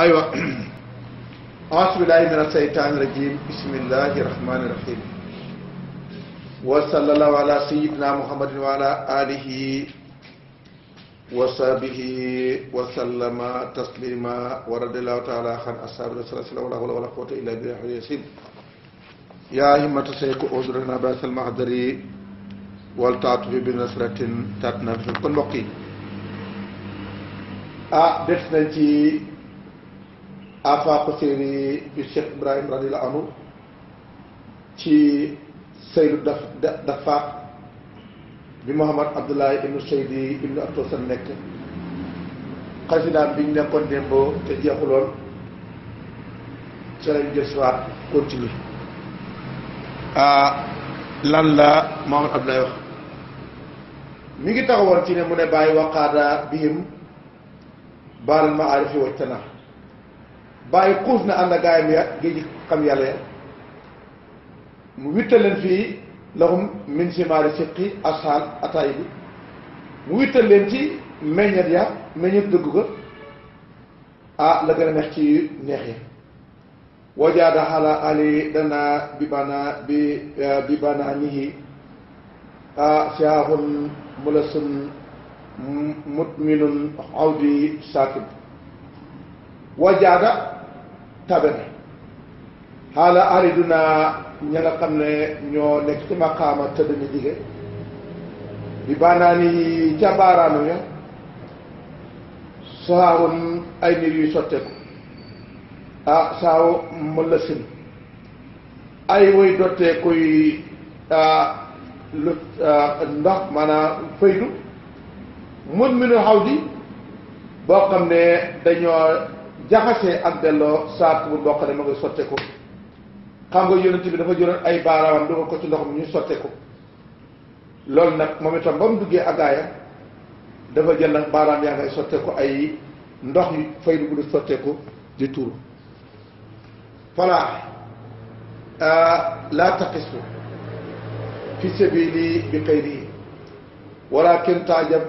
ايوه اعوذ بالله من الشيطان الرجيم بسم الله الرحمن الرحيم وصلى الله على سيدنا محمد وعلى اله وصحبه وسلم تسليما ورد الله تعالى عن اصحاب رسول الله ولا حول ولا قوه الا بالله العظيم يا همة شيخ أذرنا باس المحضر والتعطف بنصرة تتنفس كن بقي أه دفنتي afa seeni bi cheikh ibrahim radiyallahu anhu ci saylu daf dafa bi mohammed abdullah ibn saydi ibn abdusan nek xasida biñ nekkon dembo te jeexulon ci lañ jëssuat continue a ah, lan la mohammed abdullah wax mi ngi taxawon ci ne mu ne bayyi waqada bihim bal ma'arifi wa tanah bàyyi xuus na ànd gaayam ya géej xam yàlla ya mu wittal leen fii lahum min simaari siqi asal ataay mu wittal leen ci meññet ya meññet dëgg ko ah, la gën a neex ci neex yi wajaada xala ali dana bi bana bi eh, bi bana nihi ah, siyaahun saakib wajaada tabe na xaala ariduna ña nga xam ne ñoo nekk ci maqaama tëddna jige bi baanaani ca baaraanu ya sahaarun ay nit yuy sotteeku ah saaw mën sin ay woy dotteekuy ah, lu ah, ndox maanaam faydu mun minu xaw di boo xam ne dañoo jaxasee ak delloo saat bu mboq ne ma nga sotte ko xam bi dafa jëloon ay baaraamam dugal ko ci ndox mi ñu sotte loolu nag moom itam ba mu duggee agaaya dafa jël nag baaraam yaa ngay sotte ay ndox yu fay dugg sotteeku sotte ko di tuur falaa euh, laa taqisu fi sabili bi xayri walakin taajab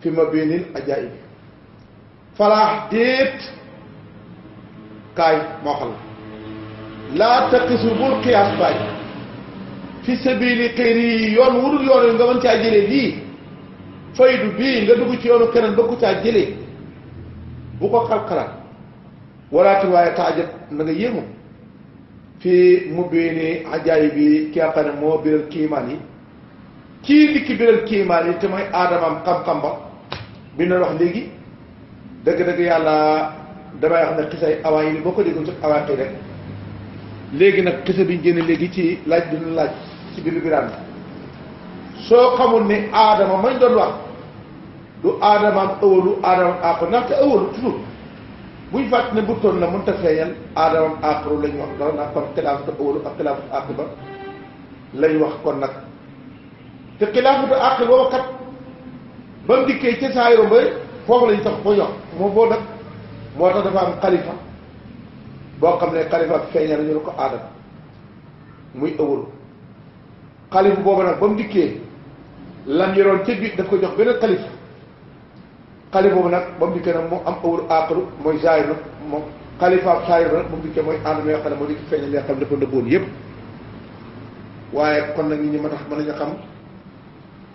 fi mabinin ajaaib falaax déet kaay moo xam laa taqisu bul qiyas bay fi sabili xëyri yi yoon wudul yoon nga man caa jele bi faydu bi nga dug ci yoonu keneen bëgg caa jele. bu ko wala walaakin waaye taajat na nga yemu fi mu biini ki nga mo ne kimani ki yi dikki biral kimani te mooy adamam xam-xam ba bi na wax legi deug deug yalla damay wax ne xisay awaan yi boo ko déggul ci awaan yi rek léegi nag xisa bi ñu léegi ci laaj bi ñu laaj ci biir biraan soo xamul ni aadama mañ doon wax du aadamaam ëwalu aadamaam aaxaru ndaxte ëwalu toujours buñ fàtt ne buttoon la mënut a feeñal aadamaam aaxaru lañ wax dara nag kon xilaafatu ëwalu ak xilaafatu aaxiba lañ wax kon nag te xilaafatu aaxir boobu kat ba mu dikkee ca saa yoo mbay foofu lañ tax foo yox moom boo nag moo tax dafa am xalifa boo xam ne xalifa ak feeñal ñu ne ko aadama muy ëwalu xalifa boobu nag ba mu dikkee lam yoroon ca biir daf ko jox beneen xalifa xalifa bu nag ba mu dikkee nag mu am ëwalu aqalu mooy zaayir nag moom mu dikkee mooy aadama yoo xam ne moo dikk feeñal yoo xam ne dafa nëbboon yépp waaye kon nag nit ñi mën a mën nañu xam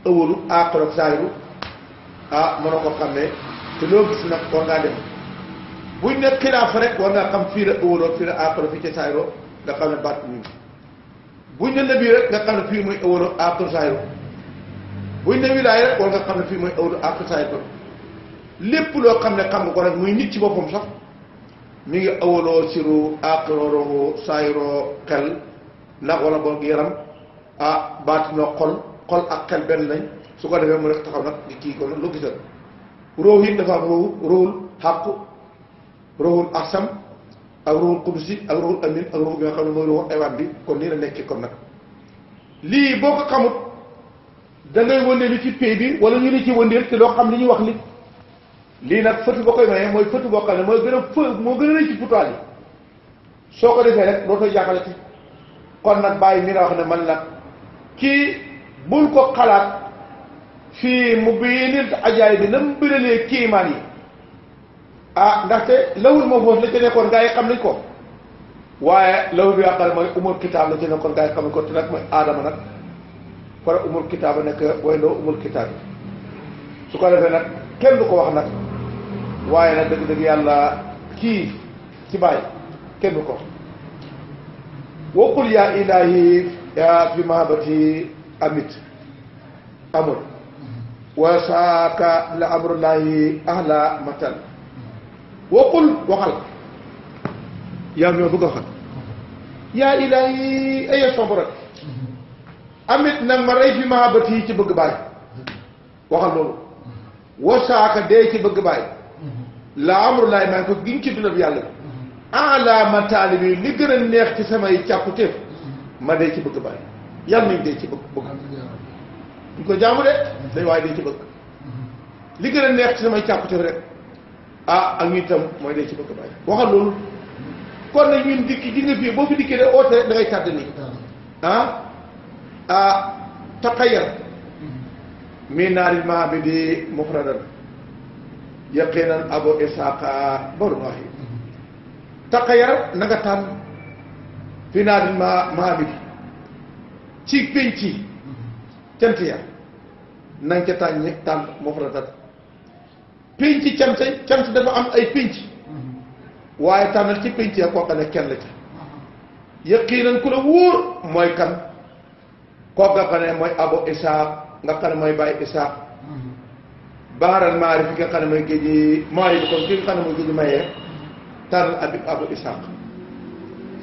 ëwalu aqalu ak zaayiru ah mënoo ko xam ne te loo gis nag war ngaa dem buñ ne xilaafa rek war nga xam fii la ëwaloo fii la aaxaro fii ca saayro nga xam ne baat bi buñ ne nabi rek nga xam ne fii muy ëwaloo aaxaro saayro buñ ne wilaay rek war nga xam ne fii mooy ëwaloo aaxaro saayro lépp loo xam ne xam nga ko rek muy nit ci boppam sax mi ngi ëwaloo siru aaxaro roxu xel ndax boo boog yaram ah baat noo xol xol ak xel benn lañ su ko defee mu rek taxaw nag di kii ko nag lu gisal róow it dafa am xàqu ruuxul ahsam ak ruuxul qudsi ak ruuxul amin ak ruux bi nga xam ne mooy ruuxul aywaat bi kon nii la nekkee kon nag lii boo ko xamut da ngay wëndeelu ci pay bi wala ñu ne ci wëndeel te doo xam li ñuy wax li lii nag fëtu ba koy maye mooy fëtu boo xam ne mooy gën a fë moo gën a rëy ci putois yi soo ko defee rek dootoo jàppale ci kon nag bàyyi mi la wax ne man nag kii bul ko xalaat fii mu biinil ajaay bi na mu biralee kiimaan yi ah ndaxte lawul mahfuus la ci nekkoon gaa yi xam nañ ko waaye lawul bi àqal mooy umul kitaab ko te nag mooy aadama nag fara umul kitaab nekk way loo umul kitaab su ko defee nag kenn du ko wax nag waaye nag dëgg dëgg yàlla kii ci bàyyi kenn du ko wax waqul yaa ilaahi yaa bi mahabati amit amul wa la amrullahi ahla matal waqul waxal yaa ñoo bëgg a waxal yaa ilaahi ay somb rek amit nag ma rey fi mahabat yi ci bëgg bàyyi waxal loolu wasaaka dee ci bëgg bàyyi la amru laay maa ngi ko giñ ci dundam yàlla alaama taalib yi li gën a neex ci samay càkkutéef ma dee ci bëgg bàyyi yàlla nañ dee ci bëgg bëgg duñ ko jaamu de dañ waaye dee ci bëgg li gën a neex ci samay càkkutéef rek ah ak ñun itam mooy day ci bëgg a bàyyi waxal loolu kon nag ñun dikki gis nga fii boo fi dikkee de oote da ngay tàdd nii ah ah taqayar mi naari maa bi di mufradan yaqinan abu isaqa barullahi taqayar na nga tànn fi naari maa maa bi ci penc cant ya na nga ca tànn tànn pénc cant cant dafa am ay pénc mm-hmm. waaye tànnal ci pénc ya koo xam ne kenn la ca yaqiinan ku la wóor mooy kan koo nga xam ne mooy abo isaaq nga xam ne mooy bàyyi isaaq mm-hmm. baaral ne mooy géej maay bi kon ki nga xam ne mooy géej mayee tànnal abi abo isaaq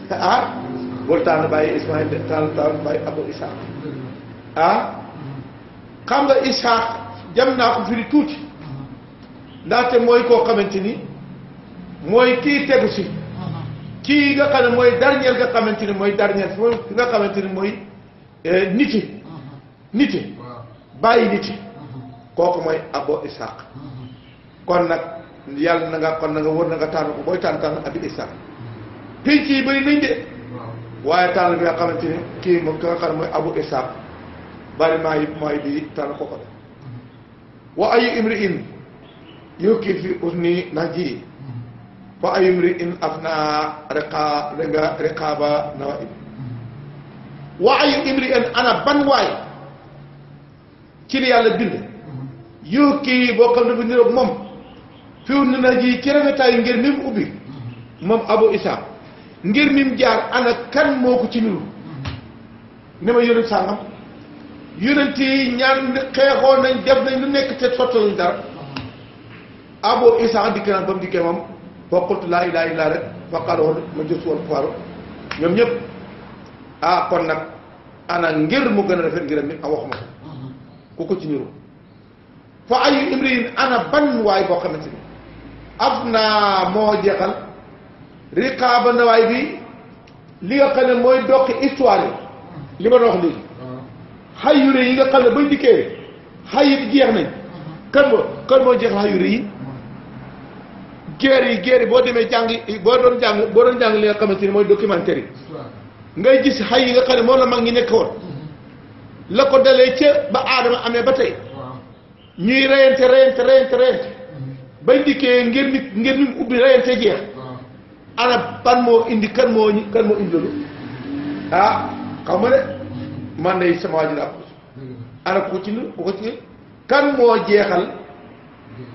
ah bul tànn bàyyi ismail mm-hmm. ah, jam naa ko firi tuuti ndaxte mooy koo xamante ni mooy kii tegu si kii nga xam ne mooy dernier nga xamante ni mooy dernier mooy nga xamante ni mooy eh, niti niti bàyyi niti kooku mooy abo isaaq kon nag yàlla na nga kon na nga wër na nga tànn ko booy tànn tànn abi isaaq pinc yi bëri nañ de waaye tànn bi nga xamante ni ki nga xam ne mooy abu isaaq bari de wa ayu imri in yuki fi urni nahji fa ayumri in afna riqa riqaba nawaib wa ayu imri in ana ban waay ci li yàlla bind yuki boo xam ne bu niroog moom fi urni nahji ci rafetaayu ngir mi ubbi moom abu isa ngir mi jaar ana kan moo ko ci niru ne ma yónent sàngam yónent yi ñaan xeexoo nañ def nañ lu nekk te dara Abu Isa dikk naan ba mu dikkee moom wa qultu laa ilaaha illallaah rek fa qaala al-majuusu wal kuffaar ñoom ñëpp ah kon nag ana ngir mu gën a rafet ngir nit a ah, waxuma ko ku ko ci niru fa ayu imriin ana ban waay boo xamante ni af naa moo jeexal riqaaba na waay bi li nga xam ne mooy dokki histoire yi li ma doon wax léegi xayure yi nga xam ne bañ dikkee xayit jeex nañ kan moo kan moo jeexal xayure yi géer yi géer yi boo demee jàng boo doon jàng boo doon jàng li nga xamante ni mooy documentaire yi ngay gis xay yi nga xam ne moom la mag ñi nekk woon la ko dalee ca ba aadama amee ba tey ñuy reyante reyante reyante reyante bañ dikkee ngir nit ngir nit ubbi reyante jeex ana ban moo indi kan moo kan moo ah, xam nga de man de sama waajur ak ana ku ci ku ko ci kan moo jeexal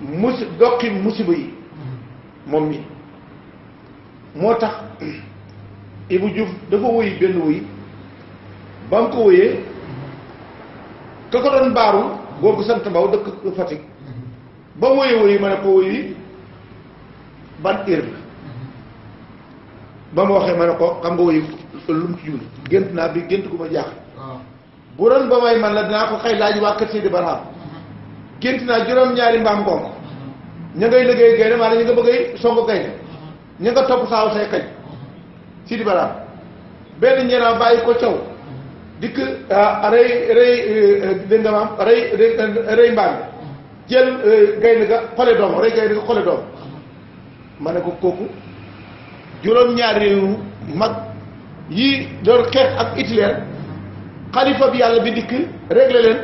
mus doqi musiba yi moom mi moo tax Ibou Diouf dafa woy benn woy ba mu ko woyee ka ko doon baaru góor sant Mbaw dëkk Fatick ba mu woyee woy ma ne ko woy ban heure la ba mu waxee ma ne ko xam nga woy lu mu ci gént naa bi gént gu ma jaaxle bu doon ba may man la dinaa ko xëy laaj waa kër Seydi Barham gént naa juróom-ñaari mbaam ngoom ña ngay liggéey gaynde maanaam ña nga bëgg a gaynde ña nga topp saaw say kañ si di baraam benn ñeenaa bàyyi ko caw dikk ah, rey rey eh, dégg nga maam rey rey mbaam jël eh, gaynde ga xole doom rey gaynde ga xole doom ma ne ko kooku juróom-ñaar réew mag yi doon xeex ak Hitler xalifa bi yàlla bi dikk réglé leen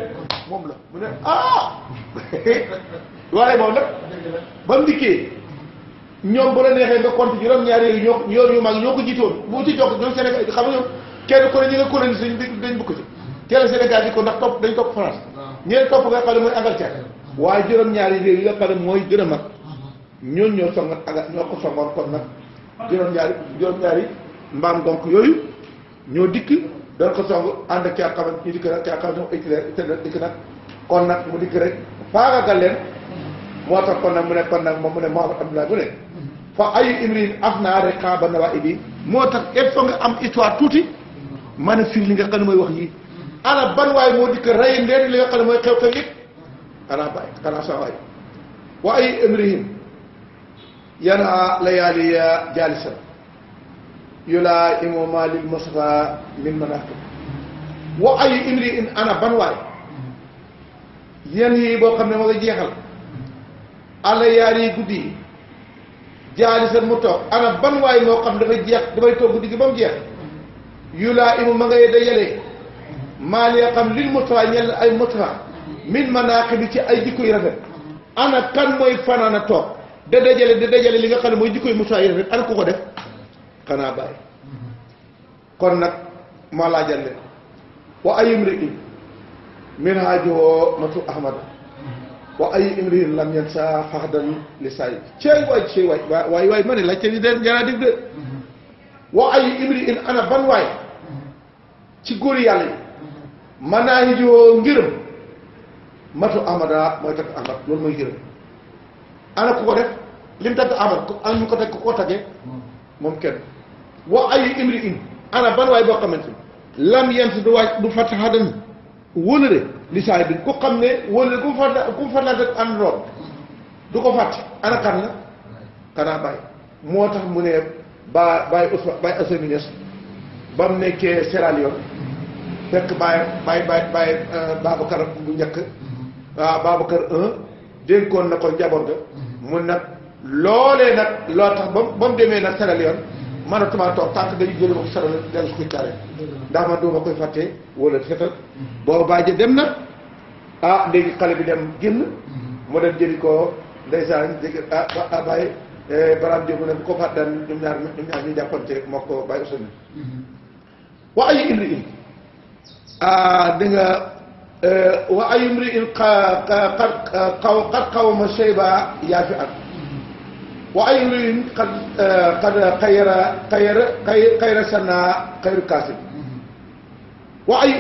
moom la mu ne ah waaye moom nag ba mu dikkee ñoom bu la neexee nga compte juróom-ñaar yooyu ñoo mag ñoo ko jiitoon bu ci jokk ñoom Sénégal xam nga ñoom kenn ku ne ñi ko ndax topp dañ topp France ñeen topp nga xam ne mooy Angleterre waaye juróom-ñaar yi réew yi nga xam ne a mag ñoon ñoo songoon ak ñoo ko nag juróom-ñaari mbaam donc yooyu ñoo dikk doon ko song ànd ak caa xaman ñu dikk nag caa xaman ñoom mu dikk rek faagagal leen moo tax kon nag mu ne kon nag moom mu ne Mouhamad Abdoulaye bu ne fa ayu imrin af naa rek xaaba na waa ibi moo tax il faut nga am histoire tuuti mën a firi li nga xam ne mooy wax yi ana ban waay moo dikk rey leen li nga xam ne mooy xew-xew yëpp xanaa bàyyi xanaa sa waay wa ayu imrihim yana layaali jaalisa yulaa imoma lil mustafa min manaqib wa ayu imri in ana ban waay yan yi boo xam ne moo ngi jeexal àlla yaar yi guddi yi jaali mu toog ana ban waay moo xam dafay jeex dafay toog guddi gi ba mu jeex yu laa imu ma ngay dajale maa lee xam lil motaa ñel ay motaa min manaaqibi ci ay jikko yu rafet ana kan mooy fanaan a toog da dajale da dajale li nga xam ne mooy jikko yu motaa yu rafet ana ku ko def xanaa bàyyi kon nag ma laajal leen wa ayum ri in min haajowoo matu ahmada wa ay imriin lam yan sa li saay ceey waay ceey waay waay waay ma di deen jaraa dig ana ban waay ci góor yàlla yi manaa yi joo ngërëm matu mooy takk amad loolu mooy ngërëm ana ku ko def li takk amad am ñu ko teg ku ko taggee moom kenn ana ban waay boo xamante lam yent du waaj du fataxadan wóla de li saay bi ku xam ne wóor na ku fa ku fa laata ànd lool du ko fàtte ana la kanaa bàyyi moo tax mu ne baa bàyyi Ousmane bàyyi Assane Niass ba mu bàyyi bàyyi bàyyi bàyyi Babacar bu njëkk waaw ah, Babacar un dénkoon na ko njaboot ga mm-hmm. mun nag loolee nag loo tax ba ba mu demee nag Sierra Leone manatuma toog tànk dañu jël ma ko solo dellu suñu carré ndax man a koy fàtte wala fetal booba bàjje dem na ah léegi xale bi dem génn mu dem jëli ko ndeysaan dégg ah, ah bàyyi eh, baraam jóg ne bu ko fàtte daan ñoom ñaar ñoom ñaar ñu jàppante moo ko bàyyi usani wa ayu imri in ah di nga eh, wa ayu imri in yaa fi at waa ay luyin xad xad xayra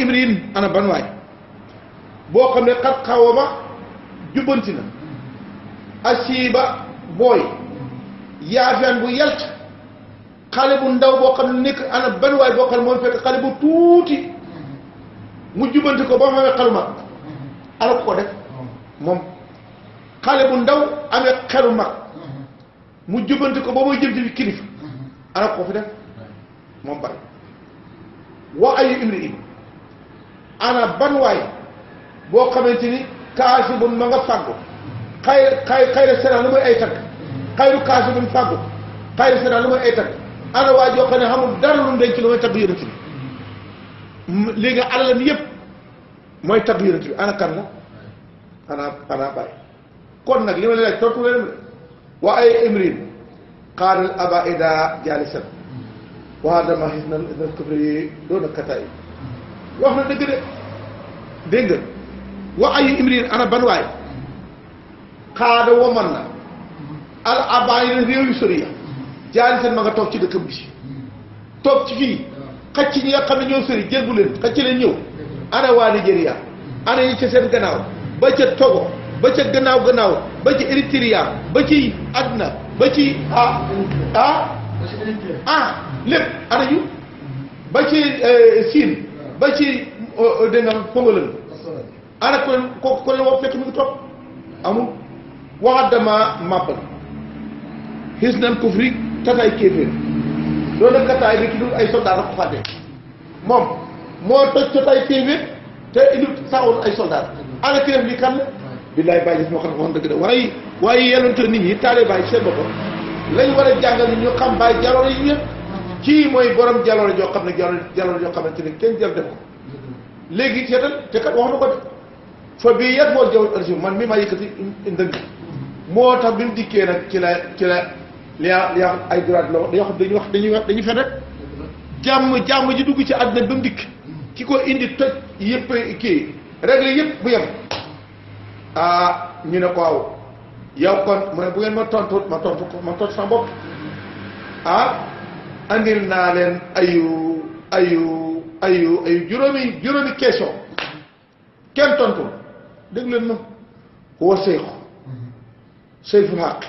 imrin ana ban boo xam ne xat xaw ba na asiiba booy yaafiyaan bu yalt xale bu ndaw boo xam ne nekk ana ban boo xam ne moom fekk xale bu tuuti mu jubbanti ko ba mu amee xelu mag ala ko def moom xale bu ndaw amee xelu mu jubbanti ko ba muy jëm ci kilifa ana ko fi def moom bari wa ayu imri in ana ban waay boo xamante ni kaasi bun ma nga fàggu xay xay xayra sera lu muy ay takk xayru kaasi bun fàggu xayra sera lu muy ay takk ana waay joo xam ne lu mu denc lu muy tagg yonent bi li nga alalam yëpp mooy tagg yonent bi ana kan la kon nag li ma leen laaj tontu leen wa ay imrin qaanal aba ida jaalisan waa dama de dégg nga wa ay imrin ana ban waay xaada waman na al aba yi na jaalisan ma nga toog ci dëkkam toog ci fii xacc ñi nga xam ne ñoo sori jéggu leen xacc leen ñëw ana waa Nigéria ana yi ca seen gannaaw ba ca Togo ba ca gannaaw gannaaw ba ci Eritrea ba ci adna ba ci ah ah ah lépp ba ci eh, Siin ba ci oh, oh, dégg nga Pongolon ana kon ko kon la woo fekk mu ngi topp amul waxat dama màppal xis nan kufri tataay kéeféer loolu kataay bi ki dul ay soldat rek ko fàtte moom moo toj tataay kéeféer te indil saxoon ay soldat ana kéeféer bi kan billaay bàyyi gis moo xam ne waxoon dëgg de waaye waaye yelante nit ñi taalee bàyyi seen boppam lañ war a jàngal ñu xam bàyyi jaloore yi yëpp kii mooy borom jaloore joo xam ne jaloore joo xamante ne kenn jël def ko léegi seetal te kat wax na ko de fa bii yet mool jaww arsi man mi maa yëkkati ndëng moo tax bi mu dikkee nag ci la ci la li yaa ay droit la wax xam wax dañuy wax dañuy dañuy fen rek jàmm jàmm ji dugg ci àdduna ba mu dikk ki ko indi toj yëpp kii réglé yëpp bu yem ah ñu ne ko waaw yow kon mu ne bu ngeen ma tontut ma tontu ko ma tontu sama bopp ah andil naa leen ayu ayu ayu ayu juróomi juróomi question kenn tontu dégg leen ma huwa seyxu seyfu xaq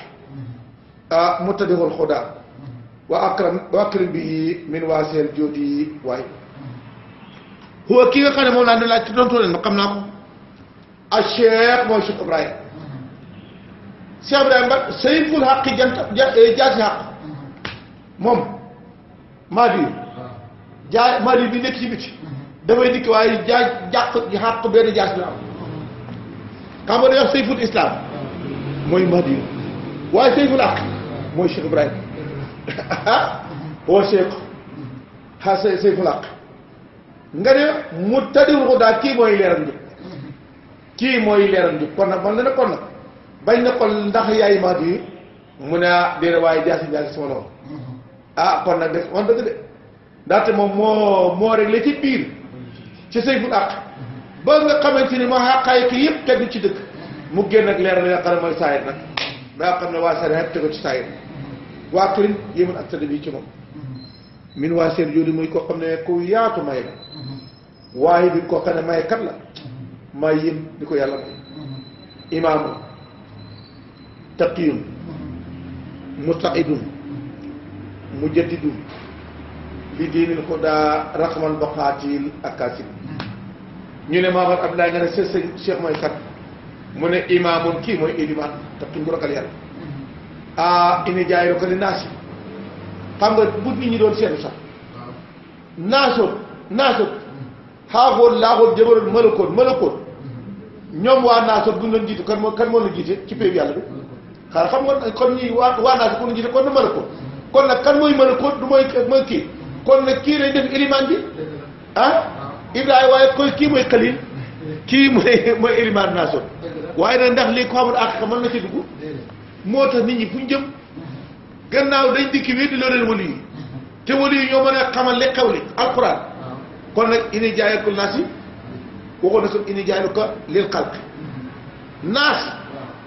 ah mutadihul xudaa wa akram wa akrim bii min waaseel jóodi waay huwa kii nga xam ne moom laa ne laaj ci tontu leen ma xam naa ko a cheikh mooy Cheikh Ibrahima Cheikh Ibrahima ba sayidul xaqi janta eh, jaasi xaq moom Mahdi jaa ci biti dafay waaye jaa jàq xaq benn jaas bi am xam nga dañuy wax sayful islam mooy Mahdi waaye sayful xaq mooy Cheikh Ibrahima ah woo Cheikh ah say mu tadiwul ko daal kii mooy ci mooy leeram bi kon nag man ne kon nag bañ na kon ndax yaay Mahdi yi mu ne ah déedéet waaye jaasi jaasi sama ah kon nag def wan dëgg de ndaxte moom moo moo réglé ci biir ci say bu àq ba nga xamante ni ma xaqaay ki yëpp tegu ci dëkk mu génn ak leer li nga xam ne mooy saayir nag daa xam ne waa ci saayir waa turin yéeman ak tëdd bi ci moom min seen jooju muy koo xam ne ku yaatu may la mm-hmm. waaye bi koo xam ne may kat la maa yéem bi ko yàlla may imaamu taqiyun mustaidun mujaddidun li diinil xudaa raxamal baqaatil akaasib ñu ne Maamar Abdoulaye nga ne seen sëñ Cheikh mooy kat mu ne imaamun kii mooy ilimaan taqiyun bu ragal yàlla ah ini jaay ko li naas xam nga bu nit ñi doon seetu sax naasoo naasoo xaaxool laaxool jëbaloon mëlakoon mëlakoon ñoom waa naasor duñ leen jiite kan moo kan moo leen jiite ci péebi yàlla bi xaar xam nga kon ñi waa waa naasor ku ñu kon na mëlakoon kon nag kan mooy mëlakoon du mooy mooy kii kon na kii lay def ilimaan bi ah Ibrahima waaye koy kii mooy xalil kii mooy mooy ilimaan naasor waaye nag ndax lii ko xamul àq mën na ci dugg moo tax nit ñi fu ñu jëm gannaaw dañ dikki wéy di loo leen te wali ñoo mën a xamal li xew li alquran kon nag ini jaayakul naas yi waxoon na suñ ini jaayaluka naas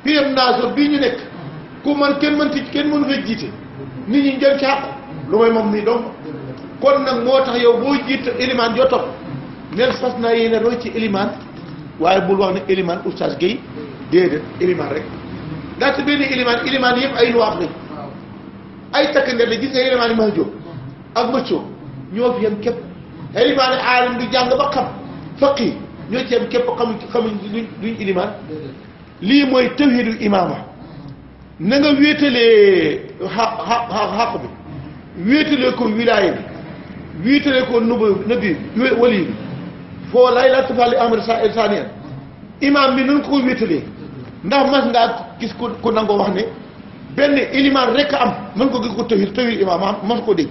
piem naaso ñu nekk ku man kenn mën ci kenn mënu fee jiite nit ñi njën ci xàqu lu may moom mii donc kon nag moo tax yow boo jiite élimaan joo topp nel fas naa yéene roy ci élimaan waaye bul wax na élimaan oustaz Guèye déedéet élimaan rek ndaxte yëpp ay luwaat lañ ay takk ndeer yi ma jóg ak mëccoo ñoo fi yem képp ilimaani aalim du jàng ba xam faqi ñoo ci am képp xamuñ xamuñ duñ ilimaan lii mooy tawhidu imaama na nga wéetalee xaq xaq xaq bi wéetalee ko wilaaya bi wéetalee ko nubu nabi wali bi foo lay la tufali amr saniyan imaam bi nañ ko wéetalee ndax mas ngaa gis ku nangoo wax ne benn ilimaan rek am mën ko gis ko tawhid tawhid imaam mas ko dégg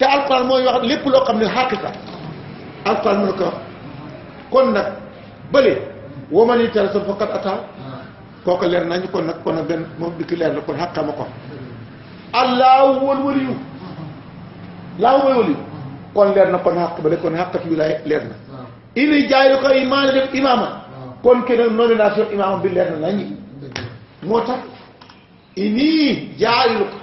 te alquran mooy wax lépp loo xam ne xaqiqa alquran mu ne ko wax kon nag bële woo ma nii teel sa fokkat ata kooku leer nañu kon nag kon nag benn moom dikki leer la kon xàqa ma ko allahu wal waliyu laahu mooy waliyu kon leer na kon xàq ba de kon xàqat wilaay leer na ili jaayu ko imaan la def imaama kon keneen nomination imaama bi leer na nañu moo tax inii jaayul ko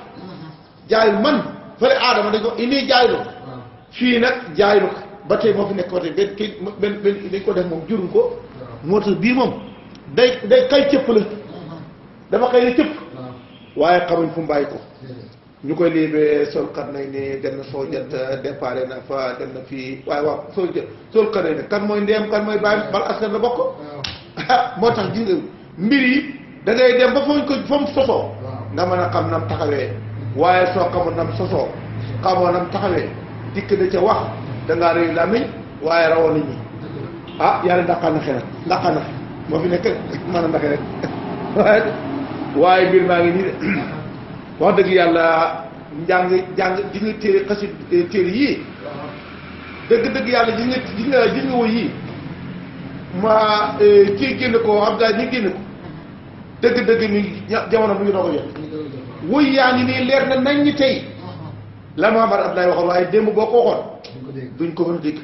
jaayul man fële aadama dañ ko indi jaaylu ah. fii nag jaaylu ko ba tey moo fi nekk côté benn kii benn benn dañ ko def moom jurum ko ah. moo tax bii moom day day kay cëpp la ah. dafa kay la waaye xamuñ fu ko ñu koy liibee sol kat nañ ni dem na soo jot déparé dem na fii waaye waaw soo jot kan mooy ndeyam kan mooy bàyyi bal askan la bokk moo tax gis mbir yi da ngay dem ba fooñ ko fa mu sosoo nga mën a xam nam taxawee waaye soo xamoon nam sosoo xamoon nam taxawee dikk na ca wax dangaa rëy làmmiñ waaye rawoon nit ñi ah yàlla ndaqaan na xeeral ndaqaan na moo fi nekk mën a ndaxe rek waaye mbir maa ngi nii de wax dëgg yàlla njàng jàng ji nga téere xasi téere yii dëgg dëgg yàlla ji nga ji nga ji nga woy yii ma eh, kii génn ko xam gaa ñi génn ko dëgg dëgg ni jamono mu ngi doo jot wuy yaa ngi nii leer na nañ ñi tey la Muhammad Abdoulaye waxoon waaye démb boo ko waxoon duñ ko mën a dégg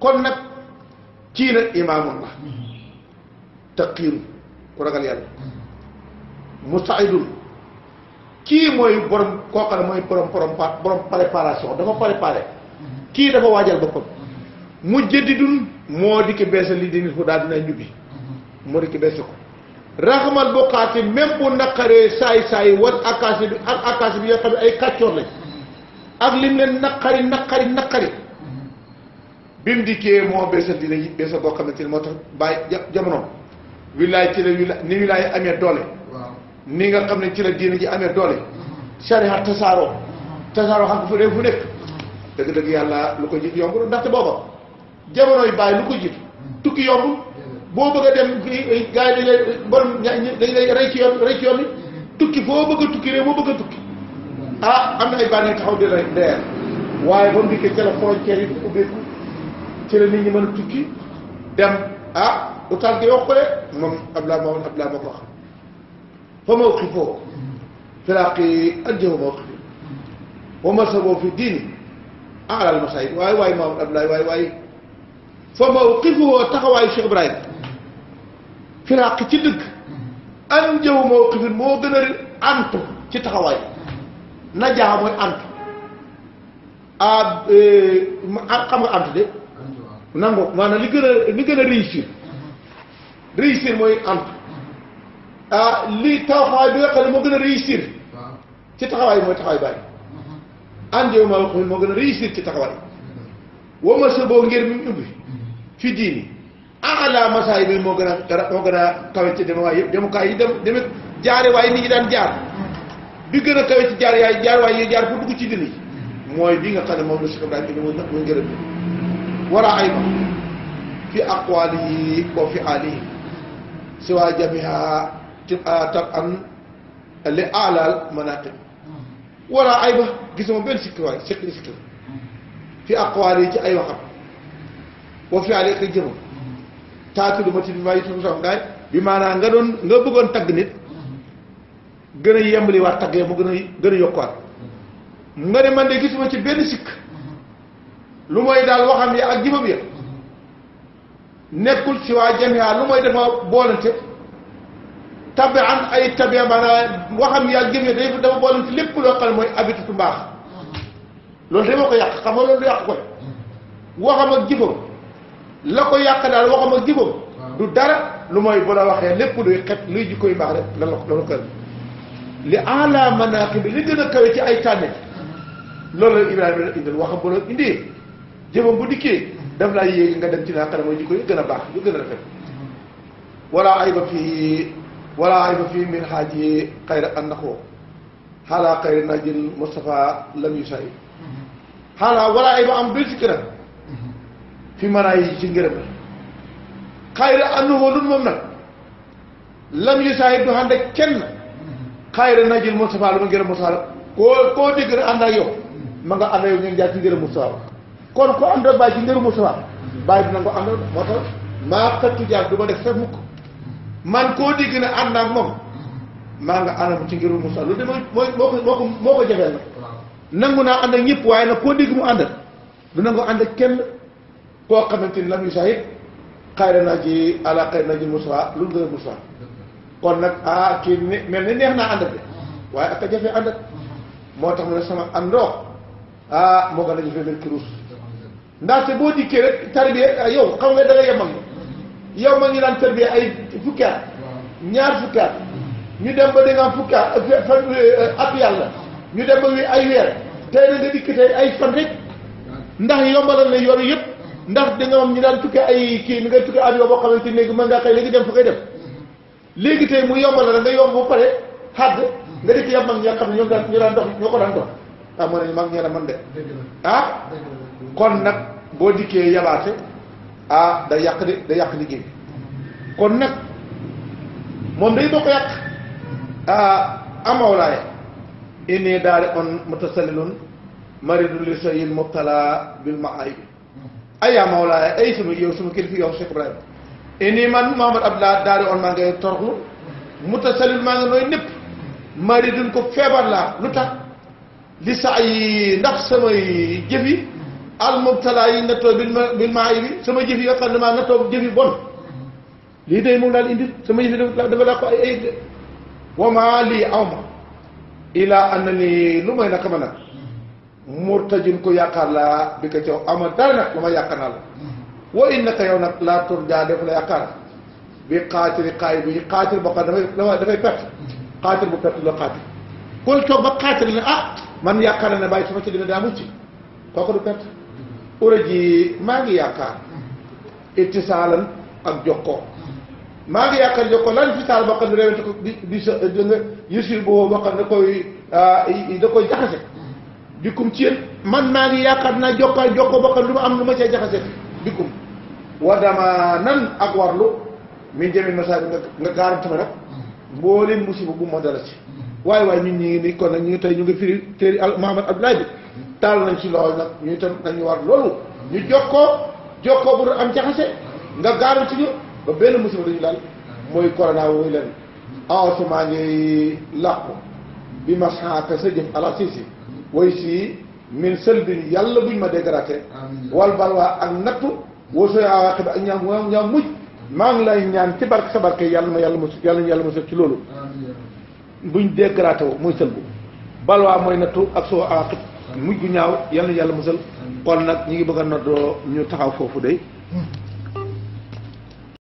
kon nag kii nag imaamun la taqiiru ku ragal yàlla mustaidun kii mooy borom koo xam ne mooy borom borom préparation dafa préparé kii dafa waajal boppam mu jëddidun moo di ki beesa li di nit ku daal dina ñubbi moo di ki ko raxamal bokkaati même bu naqaree saay-saay war akaasi bi ak akaasi bi yoo xam ne ay kàccoor lañ ak lim leen naqari naqari naqari bi mu dikkee moo beesal dina yi beesal boo xamante ne moo tax bàyyi jamono wilaay ci la wila ni wilaay amee doole ni nga xam ne ci la diina ji amee doole sariha tasaaroo tasaaroo xam fu ne fu nekk dëgg-dëgg yàlla lu ko jiit yombul ndaxte booba jamonoy bàyyi lu ko jiit tukki yombul boo bëgg a dem kii eh, gars yi dañ lay borom dañ lay rey ci yoon rey ci yoon bi tukki foo bëgg a tukki réew moo bëgg a tukki ah am na ay bànneex taxaw di rey deer waaye ba mu dikkee ca la frontière yi ubbeeku ci la nit ñi mën a tukki dem ah utaal gi wax ko de moom Abdoulaye ma woon Abdoulaye ma ko wax fa ma waxi foofu firaaqi anjahu ma waxi wa masabu fi diini alal masaayid waaye waaye ma woon Abdoulaye waaye waaye fa ma waxi foofu taxawaayu Cheikh Ibrahima firaaq ci dëgg an jëw mawqifin moo gën a antu ci taxawaay najaa mooy antu e, a xam nga antu de nangu maanaam li gën a li gën a réussir réussir mooy antu li taxawaay bi nga xam ne moo gën a réussir ci taxawaay mooy taxawaay bàyyi an jëw mawqifin moo gën a réussir ci taxawaay wama sa boo ngir mi ubbi fi diini ala masaay bi moo gën a dara moo gën a kawe ci demewaay yëpp demukaay yi dem dem jaare waay nit ñi daan jaar bi gën a kawe ci jaar yaay jaar waay yi jaar pour dugg ci dini mooy bi nga xam ne moom la Cheikh Ibrahima bi mu muy ngërëm bi wala ayba fi aqwaalihi wa fi aalihi siwa jamiha tab an li alaal manaqib wala ayba gisuma benn sikki waay sikki sikki fi aqwaalihi ci ay waxam wa fi aalihi ak jëmam taatu duma tit bi ma yitum bi maanaam nga doon nga bëggoon tagg nit gën a yembaliwaat tagg ya mu gën a gën a nga ne man de gisuma ci benn sikk lu mooy daal waxam ya ak jëfam ya nekkul ci waa jamia lu mooy dafa boolante tabe an ay tabe maanaam waxam ya ak jëf ya day dafa boolante lépp loo xam ne mooy habitude mbaax loolu dama ko yàq xam nga loolu yàq ko waxam ak jëfam la ko yàq daal waxuma jibam du dara lu mooy bu waxee lépp luy xet luy jikkoy baax la la kër li ala manaqib li gën a kawe ci ay tànne loolu la Ibrahima la indil waxam bu la indee jëmam bu dikkee daf laa yéegi nga dem ci naa xanaa mooy jikko yu gën a baax yu gën a rafet wala ayba fii wala ayba fii min xaaji xayra annakoo xaalaa najil Moustapha lam yu say xaalaa wala ayba am benn sikki nag fi maraay yi ci ngërëm la xayra annuhu lun moom nag lam yu saahib du ànd ak kenn xayra najil Moustapha lu ma ngërëm Moustapha la koo koo dégg na ànd ak ma nga ànd ñu ngi jaar ci ngërëm Moustapha kon ko ànd ak bàyyi ci ngërëm Moustapha bàyyi ko ànd ak moo man koo na ànd ak moom maa nga ànd ak ci ngërëm Moustapha loolu de mooy moo ko moo ko moo ko jafeel la nangu naa ànd ak ñëpp waaye na koo dégg mu ànd du nangu ànd kenn koo xamante ni lam yu sax it xayri na ji ala xayri naa ji Moussa lu gën a Moussa kon nag ah kii ni mel ni neex naa ànd ak de waaye ak a jafe ànd moo tax mu ne sama àndoo ah, moo gën a jafe mel kiruus ndaxte boo dikkee rek tarbiya ah, yow xam nga da nga yemal yow ma ñu daan tarbiya ay fukki at ñaar fukki at ñu dem ba da nga am fukki at ak eh, yàlla ñu dem ba wi ay weer tey na nga dikk tey ay fan rek ndax yombalal na yoon yëpp. ndax da nga am ñu daan tukki ay kii ni nga tukki avion boo xamante léegi mën ngaa xëy léegi dem fa koy dem léegi tey mu yombal la nga yomb bu pare xàdd nga dëkk yam mag ñi nga xam ne ñoom daan ñu daan dox ñoo ko daan dox ah moo nañu mag ñee a man de ah kon nag boo dikkee yabaate ah da yàq de day yàq liggéey kon nag moom day bokk yàq ah amawlaaye inni daari on mutasalilun maridu li soyil mubtala bil maayib ay yaa mawlaaya ay sama yow sama kilifa yow Cheikh Ibrahima inni man Mouhamad Abdallah daari on maa ngay torxu mutasalil maa nga nooy népp mari duñ ko feebar laa lu tax li sa ay ndax samay jëf yi almubtala yi nattoo bi ma bi maa bi sama jëf yi yoo xam ne maa nattoo jëf yi bon lii day moom daal indil sama jëf yi dafa laa ko ay ay wama lii aw ma ilaa an na ni lu may naka ma nag murtajin ku yaakaar laa bi ko caw amal dara nag lu ma yaakaar naa la wa innaka yow nag laa tur jaa def la yaakaar bi xaatiri xaay bi xaatir boo xam dafay dafay perte xaatir bu perte la xaatir kuy toog ba xaatir ne ah man yaakaar na ne bàyyi su ma ci dina daa mucc kooku du perte ura ji maa ngi yaakaar ittisaalan ak jokkoo maa ngi yaakaar jokkoo lan fisaal boo xam ne réewante ko di di sa nga yësul boobu boo xam ne koy da koy jaxase bikum ci yéen man maa ngi yaakaar naa jokka jokko bokkan lu ma am lu ma cay jaxase bikum wa dama nan ak warlu min jëmin masaa bi nga nga garanti ma nag mbooleen musiba bu ma dara ci waaye waaye ñu ñu ngi ni kon nag ñu ngi tey ñu ngi firi téeri al Muhammad Abdoulaye bi taal nañ si loolu nag ñu itam nañu war loolu ñu jokkoo jokkoo bu doon am jaxase nga garanti ñu ba benn musiba dañu daal mooy corona wooyu leen en ce moment ngi làqu bi ma xaaka sa jëf ala way sii min sëlbin yàlla buñ ma dégraté wal balwaa ak nattu woo sooy awaaxi bi ak ñaam ñaam mujj maa ngi lay ñaan ci barke sa barke yàlla ma yàlla mos yàlla yàlla mos ci loolu bu buñ dégraté wu muy sëlbu balwaa mooy nattu ak soo awaaxi mujj gu ñaaw yàlla yàlla mosal kon nag ñi ngi bëgg a noddoo ñu taxaw foofu de hmm.